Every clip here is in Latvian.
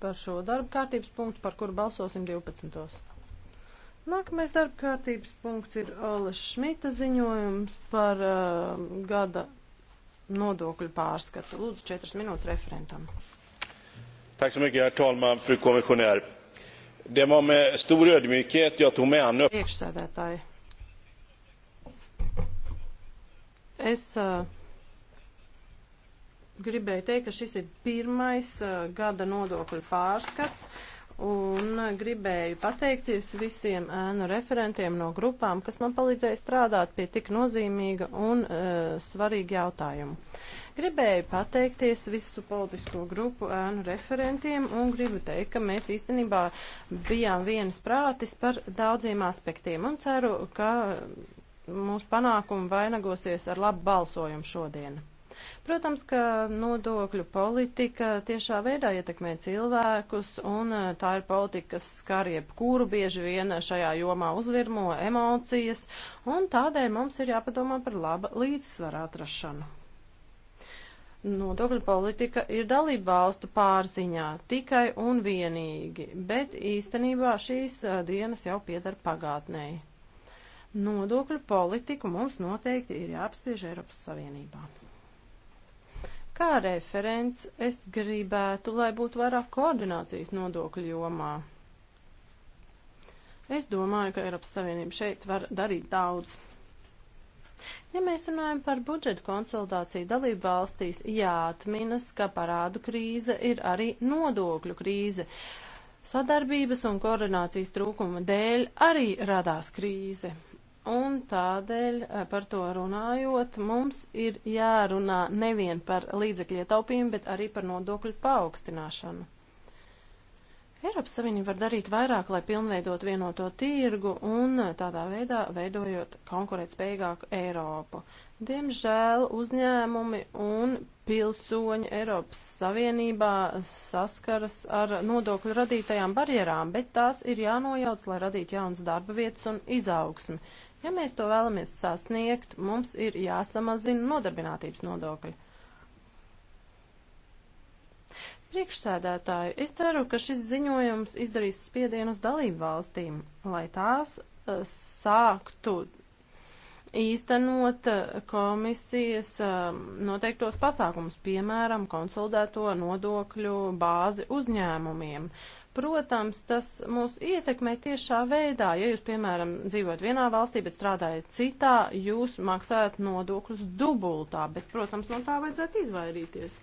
par šo darba kārtības punktu, par kuru balsosim 12. Nākamais darba kārtības punkts ir Olas Šmita ziņojums par uh, gada nodokļu pārskatu. Lūdzu, 4 minūtes referentam. Tack så mycket, herr talman, fru kommissionär. Det var med stor ödmjukhet jag tog mig an upp... Priekšsēdētāji. Es uh, gribēju teikt, ka šis ir pirmais uh, gada nodokļu pārskats. Un uh, gribēju pateikties visiem ēnu referentiem no grupām, kas man palīdzēja strādāt pie tik nozīmīga un e, svarīga jautājuma. Gribēju pateikties visu politisko grupu ēnu referentiem un gribu teikt, ka mēs īstenībā bijām vienas prātis par daudziem aspektiem un ceru, ka mūsu panākumi vainagosies ar labu balsojumu šodien. Protams, ka nodokļu politika tiešā veidā ietekmē cilvēkus, un eh, tā ir politika, kas skar jebkuru bieži vien šajā jomā uzvirmo emocijas, un tādēļ mums ir jāpadomā par laba līdzsvara atrašanu. Nodokļu politika ir dalība valstu pārziņā tikai un vienīgi, bet īstenībā šīs eh, dienas jau piedara pagātnēji. Nodokļu politiku mums noteikti ir jāapspriež Eiropas Savienībā. Kā referents es gribētu, lai būtu vairāk koordinācijas nodokļu jomā. Es domāju, ka Eiropas Savienība šeit var darīt daudz. Ja mēs runājam par budžetu konsolidāciju dalību valstīs, jāatminas, ka parādu krīze ir arī nodokļu krīze. Sadarbības un koordinācijas trūkuma dēļ arī radās krīze. Un tādēļ, eh, par to runājot, mums ir jārunā nevien par līdzekļu ietaupījumu, bet arī par nodokļu paaugstināšanu. Eiropas Savienība var darīt vairāk, lai pilnveidot vienoto tirgu un tādā veidā veidojot konkurētspējīgāku Eiropu. Diemžēl uzņēmumi un pilsoņi Eiropas Savienībā saskaras ar nodokļu radītajām barjerām, bet tās ir jānojauc, lai radītu jaunas darba vietas un izaugsmi. Ja mēs to vēlamies sasniegt, mums ir jāsamazina nodarbinātības nodokļi. Priekšsēdētāju, es ceru, ka šis ziņojums izdarīs spiedienu uz dalību valstīm, lai tās eh, sāktu īstenot eh, komisijas ehm, noteiktos pasākumus, piemēram, konsolidēto nodokļu bāzi uzņēmumiem. Protams, tas mūs ietekmē tiešā veidā. Ja jūs, piemēram, dzīvojat vienā valstī, bet strādājat citā, jūs maksājat nodokļus dubultā, bet, protams, no tā vajadzētu izvairīties.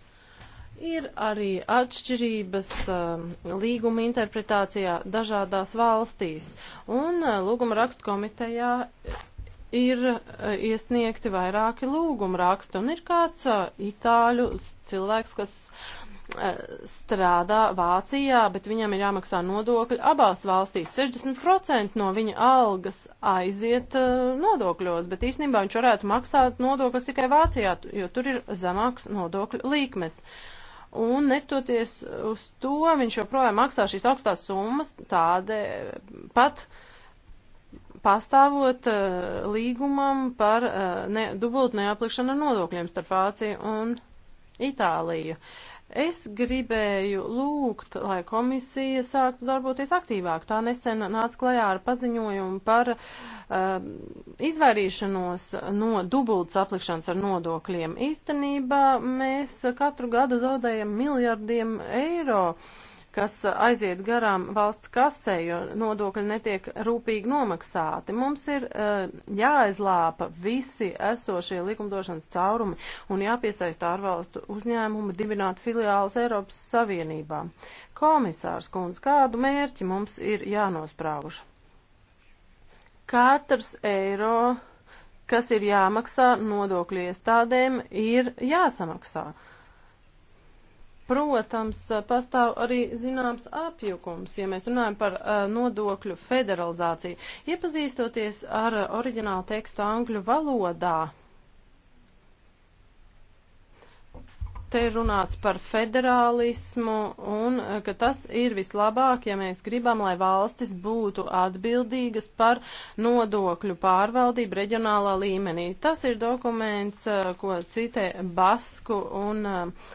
Ir arī atšķirības uh, līguma interpretācijā dažādās valstīs, un uh, lūguma rakstu komitejā ir eh, iesniegti vairāki lūguma raksti, un ir kāds eh, itāļu cilvēks, kas eh, strādā Vācijā, bet viņam ir jāmaksā nodokļi abās valstīs. 60% no viņa algas aiziet nodokļos, bet īstenībā viņš varētu maksāt nodokļus tikai Vācijā, jo tur ir zemāks nodokļu līkmes. Un nestoties uz to, viņš joprojām maksā šīs augstās summas tādē pat uh, pastāvot uh, līgumam par uh, ne, dubultu neaplikšanu nodokļiem starp Vāciju un Itāliju. Es gribēju lūgt, lai komisija sāktu darboties aktīvāk. Tā nesen nāca klajā ar paziņojumu par uh, izvairīšanos no dubultas aplikšanas ar nodokļiem. Īstenībā mēs katru gadu zaudējam miljardiem eiro. Uh, kas aiziet garām valsts kasē, jo nodokļi netiek rūpīgi nomaksāti. Mums ir uh, jāizlāpa visi esošie likumdošanas caurumi un jāpiesaista ārvalstu uzņēmumu dibināt filiālus Eiropas Savienībā. Komisārs kundze, kādu mērķi mums ir jānosprāvuši? Katrs eiro, kas ir jāmaksā nodokļu iestādēm, ir jāsamaksā. Uh, Protams, pastāv arī zināms apjukums, ja mēs runājam par uh, nodokļu federalizāciju. Iepazīstoties ar oriģinālu tekstu angļu valodā, te ir runāts par federālismu un ka tas ir vislabāk, ja mēs gribam, lai valstis būtu atbildīgas par nodokļu pārvaldību reģionālā līmenī. Tas ir dokuments, ko citē Basku un uh,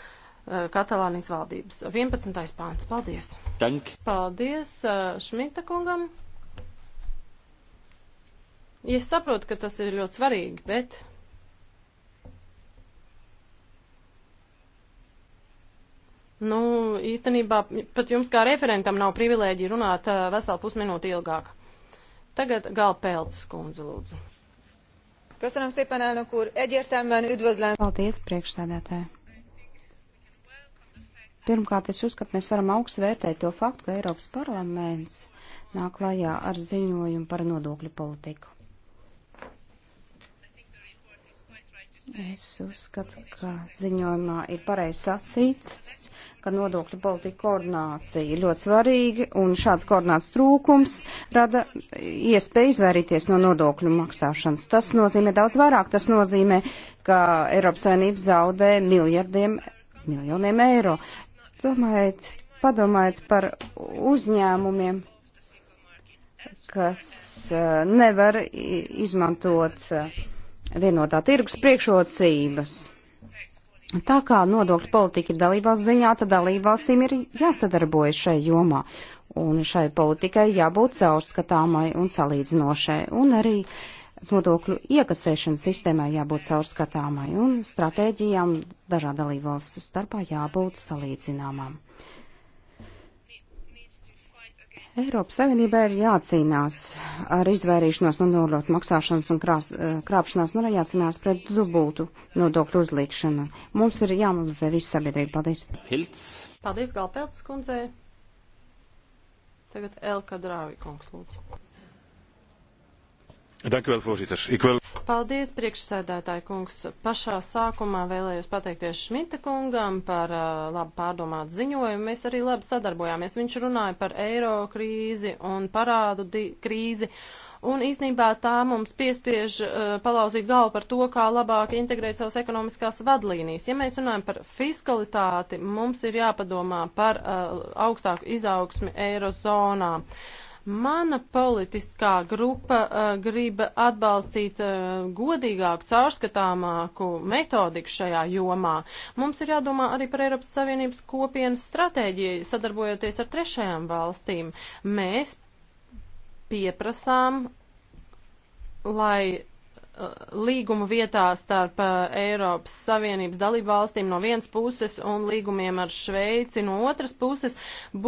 Eh, Katalānijas valdības. 11. pāns. Paldies. Dank. Paldies eh, Šmita kungam. Es saprotu, ka tas ir ļoti svarīgi, bet. Nu, īstenībā pat jums kā referentam nav privilēģija runāt eh, veselu pusminūti ilgāk. Tagad Galpēlts kundze lūdzu. Köszönöm szépen, elnök úr! Egyértelműen üdvözlöm! Paldies, priekšstādātāji! Pirmkārt, es uzskatu, mēs varam augstu vērtēt to faktu, ka Eiropas parlaments nāk klajā ar ziņojumu par nodokļu politiku. Es uzskatu, ka ziņojumā ir pareizi sacīts, ka nodokļu politika koordinācija ir ļoti svarīga, un šāds koordinācijas trūkums rada iespēju izvairīties no nodokļu maksāšanas. Tas nozīmē daudz vairāk. Tas nozīmē, ka Eiropas Savienība zaudē miljardiem, miljoniem eiro. Domājiet, padomājiet par uzņēmumiem, kas eh, nevar izmantot eh, vienotā tirgus priekšrocības. Tā kā nodokļu politika ir dalībās ziņā, tad dalībvalstīm ir jāsadarbojas šai jomā. Un šai politikai jābūt caurskatāmai un salīdzinošai. Un arī uh, nodokļu iekasēšanas sistēmai jābūt caurskatāmai un stratēģijām dažādu dalību valstu starpā jābūt salīdzināmām. Eiropas Savienībā ir jācīnās ar izvairīšanos no nodokļu maksāšanas un krās, eh, krāpšanās, nu, jācīnās pret dubultu nodokļu uzlikšanu. Mums ir jāmazē viss sabiedrība. Paldies. Pilts. Paldies, Galpeltas kundzei. Tagad Elka Drāvi kungs lūdzu. Dank u wel, voorzitter. Ik wil... Paldies, priekšsēdētāji kungs. Pašā sākumā vēlējos pateikties Šmita kungam par uh, labu pārdomātu ziņojumu. Mēs arī labi sadarbojāmies. Viņš runāja par eiro krīzi un parādu krīzi. Un īsnībā tā mums piespiež uh, palauzīt galvu par to, kā labāk integrēt savas ekonomiskās vadlīnijas. Ja mēs runājam par fiskalitāti, mums ir jāpadomā par uh, augstāku izaugsmi eirozonā. Uh, Mana politiskā grupa uh, grib atbalstīt uh, godīgāku, caurskatāmāku metodiku šajā jomā. Mums ir jādomā arī par Eiropas Savienības kopienas stratēģiju, sadarbojoties ar trešajām valstīm. Mēs pieprasām, lai Uh, līgumu vietā starp uh, Eiropas Savienības dalību valstīm no vienas puses un līgumiem ar Šveici no otras puses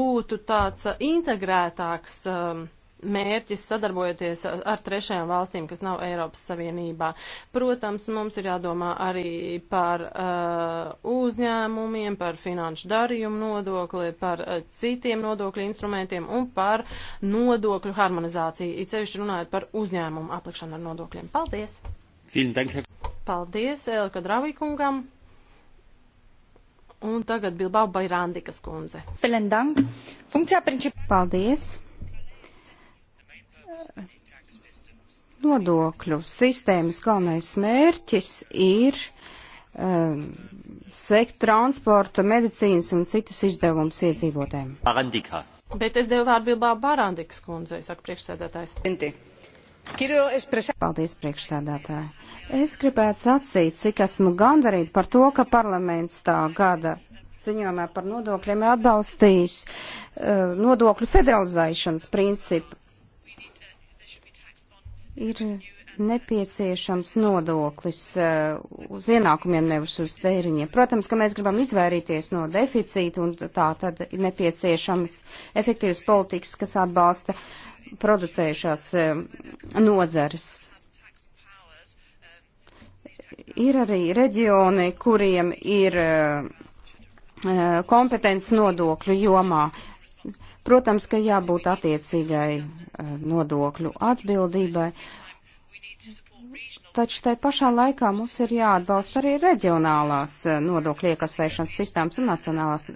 būtu tāds uh, integrētāks uh, mērķis sadarbojoties ar trešajām valstīm, kas nav Eiropas Savienībā. Protams, mums ir jādomā arī par uh, uzņēmumiem, par finanšu darījumu nodokli, par uh, citiem nodokļu instrumentiem un par nodokļu harmonizāciju, it sevišķi runājot par uzņēmumu aplikšanu ar nodokļiem. Paldies! Paldies Elka Dravikungam! Un tagad Bilbao Bairandikas kundze. Paldies! Nodokļu sistēmas galvenais mērķis ir um, sekt transporta, medicīnas un citas izdevumus iedzīvotēm. Barandika. Bet es devu vārdu Bilbā Barandikas kundzei, saka priekšsēdētājs. Inti. Paldies, priekšsēdētāji. Es gribētu sacīt, cik esmu gandarīta par to, ka parlaments tā gada ziņojumā par nodokļiem atbalstījis uh, nodokļu federalizēšanas principu ir nepieciešams nodoklis eh, uz ienākumiem, nevis uz tēriņiem. Protams, ka mēs gribam izvairīties no deficīta, un tā tad ir nepieciešams efektīvas politikas, kas atbalsta producējušās eh, nozares. Ir arī reģioni, kuriem ir eh, kompetence nodokļu jomā. Protams, ka jābūt attiecīgai eh, nodokļu atbildībai, taču tai pašā laikā mums ir jāatbalsta arī reģionālās eh, nodokļu iekasēšanas sistēmas un nacionālās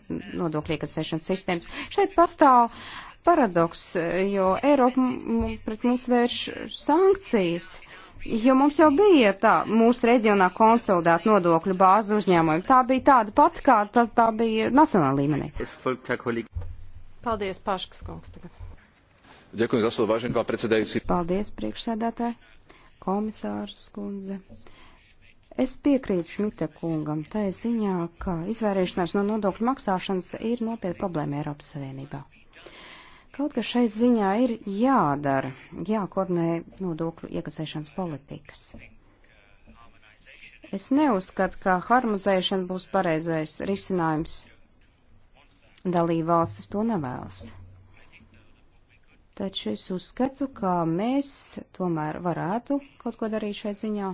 nodokļu iekasēšanas sistēmas. Šeit pastāv paradoks, eh, jo Eiropa pret mums vērš sankcijas. Jo mums jau bija tā mūsu reģionā konsolidēta nodokļu bāze uzņēmumiem. Tā bija tāda pati, kā tas tā bija nacionāla līmenī. Paldies, Paškas kungs tagad. Ďakujem za slovo, vážený pán predsedajúci. Paldies, priekšsēdētāji, komisārs kundze. Es piekrītu Šmita kungam tā ziņā, ka izvairīšanās no nodokļu maksāšanas ir nopietna problēma Eiropas Savienībā. Kaut kas šai ziņā ir jādara, jākoordinē nodokļu iekasēšanas politikas. Es neuzskatu, ka harmonizēšana būs pareizais risinājums Dalība valstis to nevēlas. Taču es uzskatu, ka mēs tomēr varētu kaut ko darīt šai ziņā,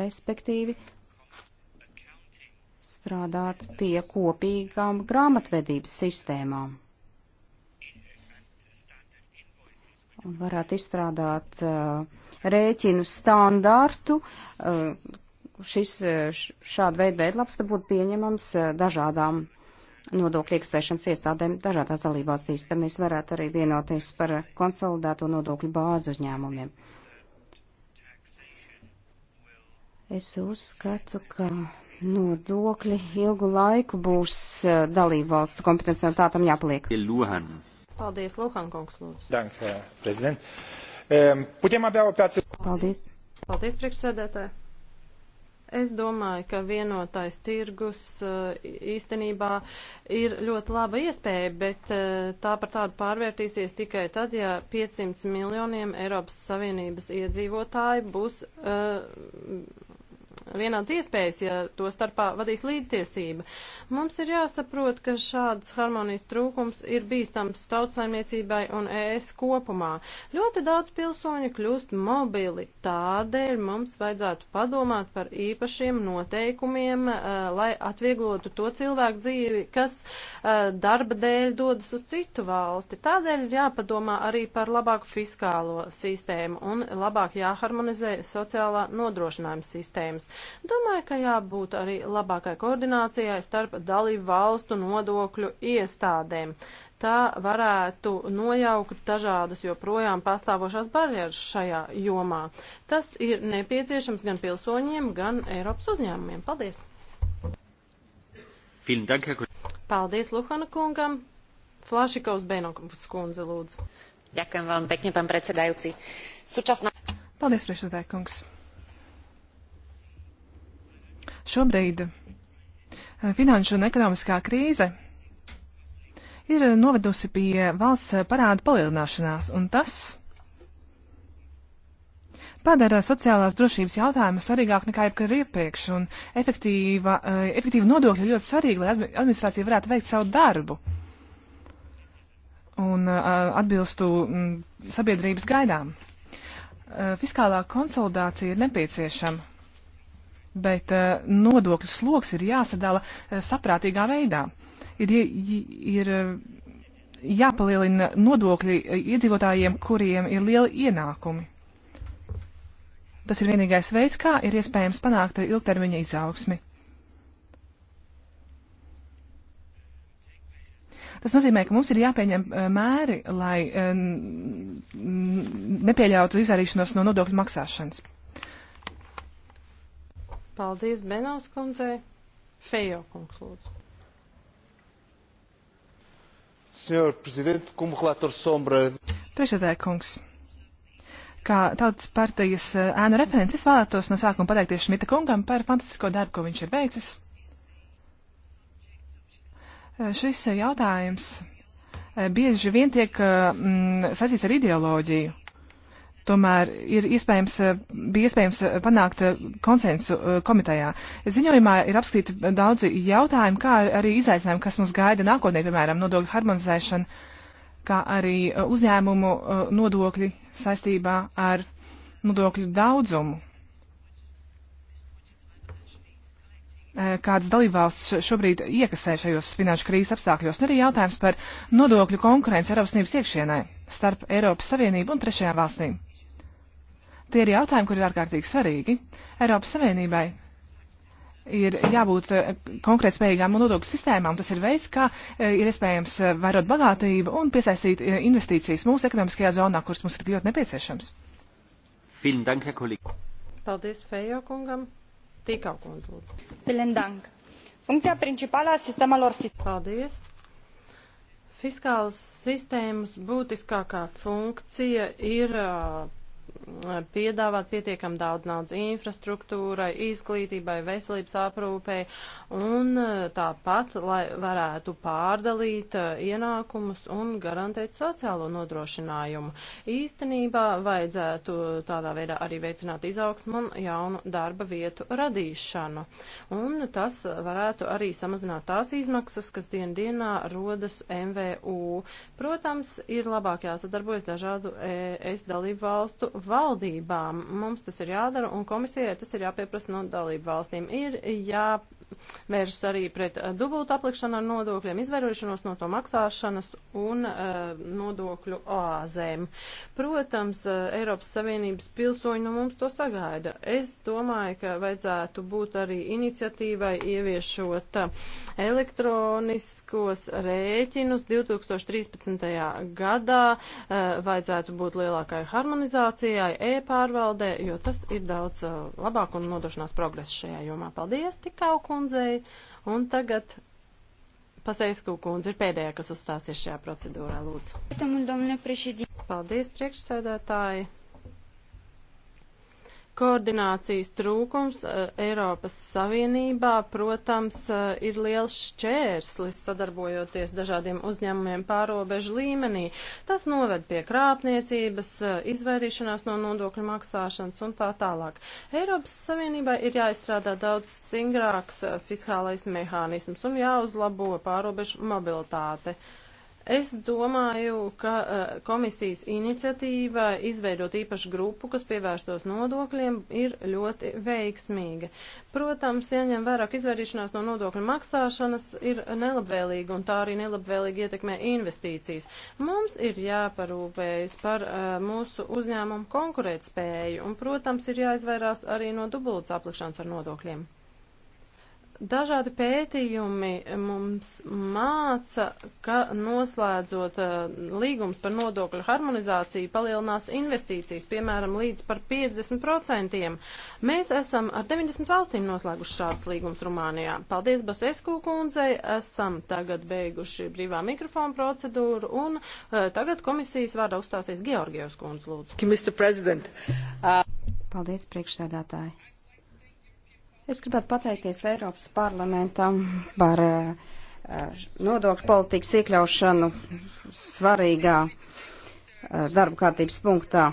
respektīvi strādāt pie kopīgām grāmatvedības sistēmām. Un varētu izstrādāt uh, rēķinu standārtu. Uh, šis, uh, šāda veida veidlaps te būtu pieņemams uh, dažādām nodokļu iekasēšanas iestādēm dažādās dalībvalstīs, tad mēs varētu arī vienoties par konsolidēto nodokļu bāzi uzņēmumiem. Es uzskatu, ka nodokļi ilgu laiku būs eh, dalībvalstu kompetenci, un tā tam jāpaliek. E, Luhan. Paldies, Luhan kungs, lūdzu. Dank, prezident. Ähm, putem abia o piață. Paldies. Paldies, priekšsēdētāji. Es domāju, ka vienotais tirgus eh, īstenībā ir ļoti laba iespēja, bet eh, tā par tādu pārvērtīsies tikai tad, ja 500 miljoniem Eiropas Savienības iedzīvotāji būs uh, vienādas iespējas, ja to starpā vadīs līdztiesība. Mums ir jāsaprot, ka šāds harmonijas trūkums ir bīstams tautsaimniecībai un ES kopumā. Ļoti daudz pilsoņu kļūst mobili, tādēļ mums vajadzētu padomāt par īpašiem noteikumiem, eh, lai atvieglotu to cilvēku dzīvi, kas eh, darba dēļ dodas uz citu valsti. Tādēļ ir jāpadomā arī par labāku fiskālo sistēmu un labāk jāharmonizē sociālā nodrošinājuma sistēmas. Domāju, ka jābūt arī labākai koordinācijai starp dalību valstu nodokļu iestādēm. Tā varētu nojaukt dažādas joprojām pastāvošās barjeras šajā jomā. Tas ir nepieciešams gan pilsoņiem, gan Eiropas uzņēmumiem. Paldies! Paldies Luhana kungam! Flašikovs Benokovs kundze lūdzu. Ďakujem veľmi pekne, pán predsedajúci. Súčasná... Paldies, priekšsēdētājkungs. Šobrīd eh, finanšu un ekonomiskā krīze ir novedusi pie valsts parādu palielināšanās, un tas padara sociālās drošības jautājumu svarīgāk nekā jebkad iepriekš, un efektīva, eh, efektīva nodokļa ir ļoti svarīga, lai administrācija varētu veikt savu darbu un eh, atbilstu mm, sabiedrības gaidām. Fiskālā konsolidācija ir nepieciešama bet eh, nodokļu sloks ir jāsadala eh, saprātīgā veidā. Ir, ir eh, jāpalielina nodokļi iedzīvotājiem, kuriem ir lieli ienākumi. Tas ir vienīgais veids, kā ir iespējams panākt ilgtermiņa izaugsmi. Tas nozīmē, ka mums ir jāpieņem mēri, lai nepieļautu izvairīšanos no nodokļu maksāšanas. Paldies Benovs kundzei. Fejo kungs lūdzu. Senhor Presidente, como relator sombra. Priekšsēdētāj kungs. Kā tautas partijas eh, ēnu referents, es vēlētos no sākuma pateikties Šmita kungam par fantastisko darbu, ko viņš ir veicis. Eh, šis jautājums eh, bieži vien tiek mm, saistīts ar ideoloģiju tomēr ir iespējams, eh, bija iespējams eh, panākt eh, konsensu komitejā. Ziņojumā ir apskatīti daudzi jautājumi, kā arī izaicinājumi, kas mums gaida nākotnē, piemēram, nodokļu harmonizēšana, kā arī uzņēmumu nodokļi saistībā ar nodokļu daudzumu. kādas dalībvalsts šobrīd iekasē šajos finanšu krīzes apstākļos, un arī jautājums par nodokļu konkurenci Eiropas Savienības iekšienē starp Eiropas Savienību un trešajām valstīm. Tie ir jautājumi, kur ir ārkārtīgi svarīgi. Eiropas Savienībai ir jābūt eh, konkrēt spējīgām nodokļu sistēmām. Tas ir veids, kā eh, ir iespējams eh, vairot bagātību un piesaistīt investīcijas mūsu ekonomiskajā zonā, kuras mums ir ļoti nepieciešams. Paldies Fejo kungam. Tīkau kundze, lūdzu. Funkcija principālā sistemalor fiskālā. Paldies. Fiskālas sistēmas būtiskākā funkcija ir uh, piedāvāt pietiekam daudz naudas infrastruktūrai, izglītībai, veselības aprūpei un e, tāpat, lai varētu pārdalīt e, ienākumus un garantēt sociālo nodrošinājumu. Īstenībā vajadzētu tādā veidā arī veicināt izaugsmu un jaunu darba vietu radīšanu. Un tas varētu arī samazināt tās izmaksas, kas dien dienā rodas MVU. Protams, ir labāk jāsadarbojas dažādu ES dalību valstu valdībām. Mums tas ir jādara un komisijai tas ir jāpieprasa no dalību valstīm. Ir jā, vēršas arī pret eh, dubultu aplikšanu ar nodokļiem, izvairošanos no to maksāšanas un uh, nodokļu oāzēm. Protams, uh, Eiropas Savienības pilsoņi no mums to sagaida. Es domāju, ka vajadzētu būt arī iniciatīvai ieviešot elektroniskos rēķinus 2013. gadā. Uh, vajadzētu būt lielākai harmonizācijai, e-pārvaldē, jo tas ir daudz uh, labāk un nodrošinās progresu šajā jomā. Paldies, Tikauku! kundzei, un tagad Paseisku kundze ir pēdējā, kas uzstāsies šajā procedūrā, lūdzu. Paldies, priekšsēdētāji. Koordinācijas trūkums eh, Eiropas Savienībā, protams, eh, ir liels šķērslis sadarbojoties dažādiem uzņēmumiem pārobežu līmenī. Tas noved pie krāpniecības, eh, izvairīšanās no nodokļu maksāšanas un tā tālāk. Eiropas Savienībā ir jāizstrādā daudz stingrāks fiskālais mehānisms un jāuzlabo pārobežu mobilitāte. Uh, Es domāju, ka eh, komisijas iniciatīva izveidot īpašu grupu, kas pievērstos nodokļiem, ir ļoti veiksmīga. Protams, ieņem vairāk izvairīšanās no nodokļu maksāšanas ir nelabvēlīga un tā arī nelabvēlīgi ietekmē investīcijas. Mums ir jāparūpējas par eh, mūsu uzņēmumu konkurētspēju un, protams, ir jāizvairās arī no dubultas aplikšanas ar nodokļiem. Dažādi pētījumi mums māca, ka noslēdzot eh, līgums par nodokļu harmonizāciju palielinās investīcijas, piemēram, līdz par 50%. Mēs esam ar 90 valstīm noslēguši šādus līgumus Rumānijā. Paldies Basesku kundzei, esam tagad beiguši brīvā mikrofona procedūru un uh, tagad komisijas vārdā uzstāsies Georgijos kundze, lūdzu. Uh, Paldies, priekšsēdētāji. Es gribētu pateikties Eiropas parlamentam par eh, nodokļu politikas iekļaušanu svarīgā eh, darba kārtības punktā,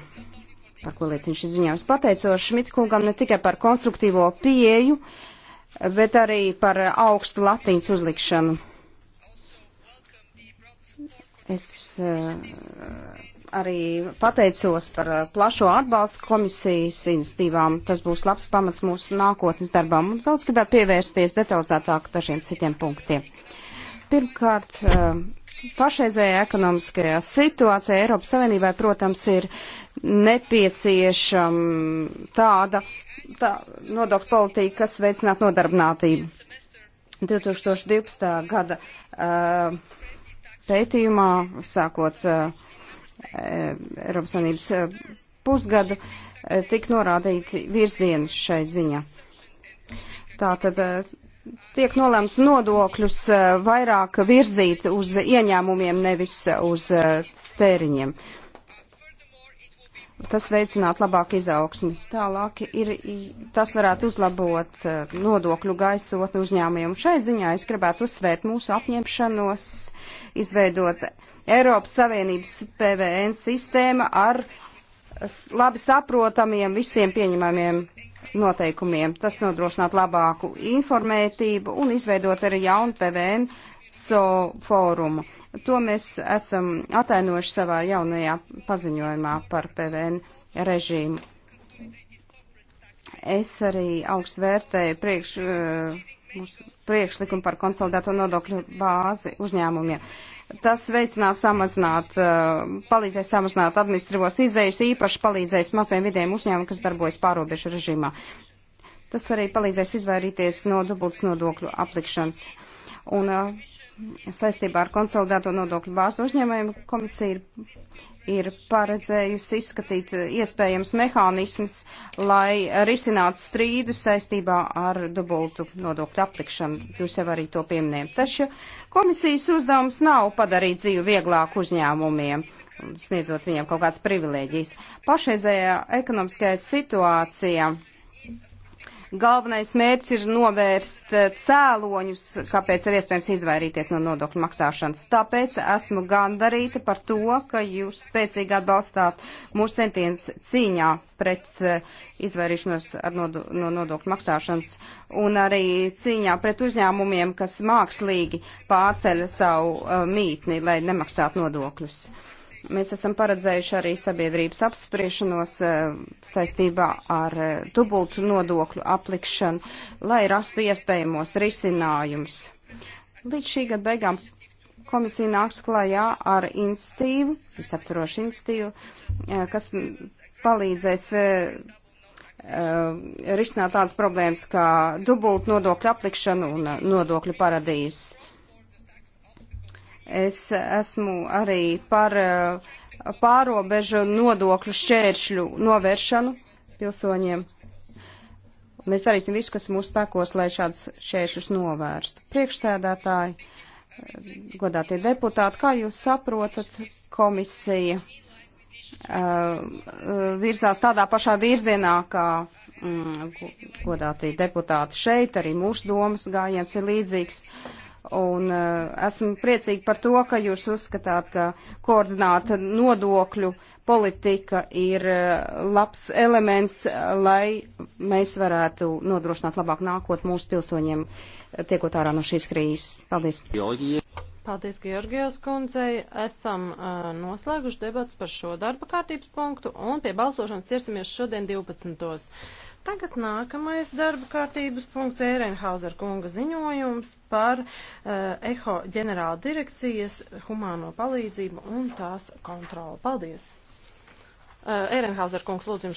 par ko liecina šis ziņojums. Pateicos Šmitkungam ne tikai par konstruktīvo pieeju, bet arī par augstu latiņas uzlikšanu Es uh, arī pateicos par eh, plašo atbalstu komisijas institīvām. Tas būs labs pamats mūsu nākotnes darbām. Un vēl es gribētu pievērsties detalizētāk dažiem citiem punktiem. Pirmkārt, uh, pašreizējā ekonomiskajā situācijā Eiropas Savienībai, protams, ir nepieciešama tāda tā, nodokļu politika, kas veicinātu nodarbinātību. 2012. gada. Uh, pētījumā, sākot eh, Eiropas Sanības eh, pusgadu, eh, tik norādīti virzieni šai ziņā. Tātad tiek nolēmts nodokļus vairāk virzīt uz ieņēmumiem, nevis uz tēriņiem. Uh, tas veicinātu labāku izaugsmi. Tālāk ir, tas varētu uzlabot e, nodokļu gaisotni uzņēmumiem. Šai ziņā es gribētu uzsvērt mūsu apņemšanos izveidot Eiropas Savienības PVN sistēma ar labi saprotamiem, visiem pieņemamiem noteikumiem. Tas nodrošinātu labāku informētību un izveidot arī jaunu PVN so fórumu. To mēs esam atainojuši savā jaunajā paziņojumā par PVN režīmu. Es arī augstu vērtēju priekš, eh, mūsu priekšlikumu par konsolidēto nodokļu bāzi uzņēmumiem. Tas veicinās samazināt, eh, palīdzēs samazināt administratīvos izdevējus, īpaši palīdzēs maziem vidiem uzņēmumiem, kas darbojas pārobežu režīmā. Tas arī palīdzēs izvairīties no dubultas nodokļu aplikšanas. Un saistībā ar konsolidēto nodokļu bāzu uzņēmējiem komisija ir, ir paredzējusi izskatīt iespējams mehānismus, lai risinātu strīdu saistībā ar dubultu nodokļu aplikšanu. Jūs jau arī to pieminējat. Taču komisijas uzdevums nav padarīt dzīvi vieglāku uzņēmumiem sniedzot viņiem kaut kādas privilēģijas. Pašreizējā ekonomiskajā situācijā Galvenais mērķis ir novērst eh, cēloņus, kāpēc ir iespējams izvairīties no nodokļu maksāšanas. Tāpēc esmu gandarīta par to, ka jūs spēcīgi atbalstāt mūsu centienus cīņā pret eh, izvairīšanos nodo, no nodokļu maksāšanas un arī cīņā pret uzņēmumiem, kas mākslīgi pārceļ savu uh, mītni, lai nemaksātu nodokļus. Uh, Mēs esam paredzējuši arī sabiedrības apspriešanos eh, saistībā ar eh, dubultu nodokļu aplikšanu, lai rastu iespējamos risinājumus. Līdz šī gada beigām komisija nāks klajā ar institīvu, visaptarošu institīvu, eh, kas palīdzēs risināt tādas problēmas kā dubult nodokļu aplikšanu un nodokļu paradīzes. Es esmu arī par eh, pārobežu nodokļu šķēršļu novēršanu pilsoņiem. Mēs darīsim visu, kas mūsu spēkos, lai šādas šķēršļus novērstu. Priekšsēdētāji, eh, godātie deputāti, kā jūs saprotat, komisija uh, virzās tādā pašā virzienā, kā mm, godātie deputāti šeit, arī mūsu domas gājiens ir līdzīgs. Uh, un eh, esmu priecīgi par to, ka jūs uzskatāt, ka koordināta nodokļu politika ir eh, labs elements, eh, lai mēs varētu nodrošināt labāk nākot mūsu pilsoņiem, tiekot ārā no šīs krīzes. Paldies! Georgija. Paldies, Georgijos kundzei. Esam uh, noslēguši debats par šo darba kārtības punktu un pie balsošanas ķersimies šodien 12. Tagad nākamais darba kārtības punkts Ērenhauser kunga ziņojums par uh, EHO ģenerāla direkcijas humāno palīdzību un tās kontroli. Paldies! Uh, eh, Ērenhauser kungs, lūdzu jums.